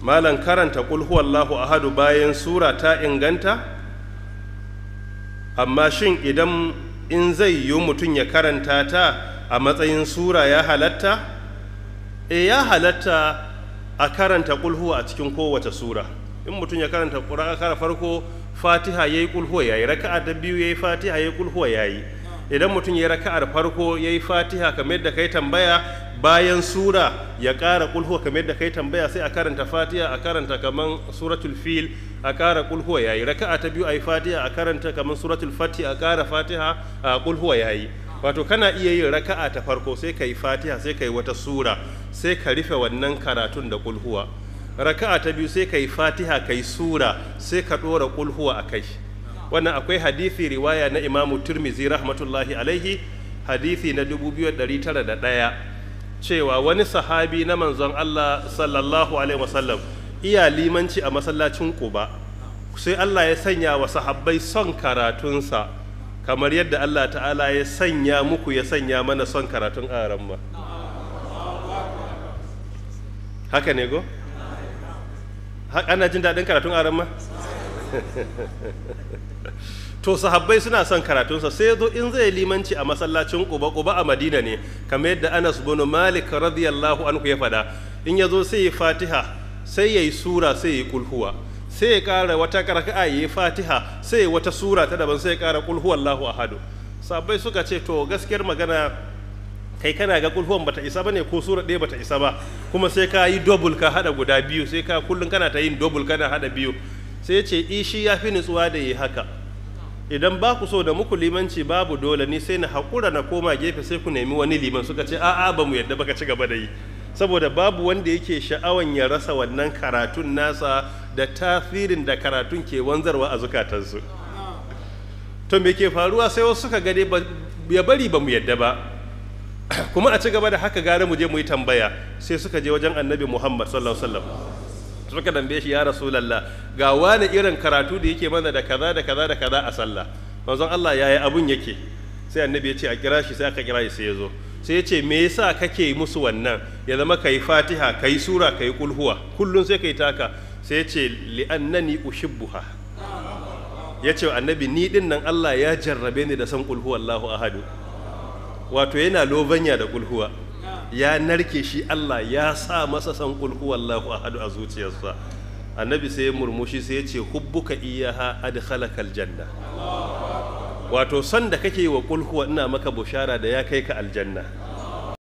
Malam karanta ƙulhuwallahu ahadu bayan sura ta inganta amma shin idan in zai yi mutum ya karanta ta a matsayin sura ya halatta e ya halatta a karanta ƙulhuwa a cikin kowace sura in mutum ya karanta ƙura farko fatiha ya yi ƙulhuwa ya yi raka'a ta biyu ya yi fatiha ya yi ƙulhuwa ya yi idan mutum ya yi raka'ar farko ya yi fatiha kamar yadda ka yi tambaya bayan sura ya ƙara kulhuwa kamar yadda kai tambaya sai a karanta fatiha a karanta kaman suratul fil a ƙara kulhuwa yayi raka'a ta biyu ayi fatiha a karanta kaman suratul fati a ƙara fatiha a kulhuwa yayi wato kana iya yin raka'a ta farko sai kai fatiha sai kai wata sura sai ka rufe wannan karatun da kulhuwa raka'a ta biyu sai kai fatiha kai sura sai ka dora kulhuwa a kai wannan akwai hadisi riwaya na imamu turmizi rahmatullahi alaihi hadisi na dubu biyu da da tara ɗaya. cewa wani sahabi na manzon Allah sallallahu alaihi wasallam iya limanci a masallacin Quba sai Allah ya sanya wa sahabbai son karatunsa kamar yadda Allah ta'ala ya sanya muku ya sanya mana son karatun aramma haka ne go ana jin daɗin karatun aramma to sahabbai suna son karatunsa sai zo in zai limanci a masallacin kuba kuba a madina ne kamar yadda anas bin malik radiyallahu anhu ya fada in ya zo sai ya fatiha sai ya yi sura sai ya yi kulhuwa sai ya kara wata karaka'a ya yi fatiha sai ya wata sura ta daban sai ya kara kulhu ahadu sahabbai suka ce to gaskiyar magana kai kana ga kulhuwan bata isa ne ko sura ɗaya bata isa ba kuma sai ka yi double ka hada guda biyu sai ka kullum kana ta yin double kana hada biyu sai ce ishi ya fi nutsuwa da yi haka idan ba ku so da muku limanci babu dole ni sai na haƙura na koma gefe sai ku nemi wani liman suka ce a'a ba mu yadda baka ci gaba da yi saboda babu wanda yake sha'awan ya rasa wannan karatun nasa da tasirin da karatun ke wanzarwa a zukatansu to me ke faruwa sai wasu suka gade ya bari ba mu yadda ba kuma a ci gaba da haka gara mu je mu yi tambaya sai suka je wajen annabi muhammad sallallahu alaihi wasallam suka dambe shi ya rasulallah ga wani irin karatu da yake mana da kaza da kaza da kaza a sallah manzon Allah ya yi abun yake sai annabi ya ce a kira shi sai aka kira shi sai ya zo sai ya ce me yasa kake musu wannan ya zama kai fatiha kai sura kai kulhuwa kullun sai kai taka sai ya ce annani ushibbuha ya ce annabi ni din nan Allah ya jarrabe ni da san kulhuwallahu ahadu wato yana lobanya da kulhuwa ya narke shi Allah ya sa masa san kulhu wallahu ahadu a zuciyarsa annabi sai ya murmushi sai ya ce hubbuka iyaha adkhalaka aljanna wato son da kake wa kulhu ina maka bushara da ya kai ka aljanna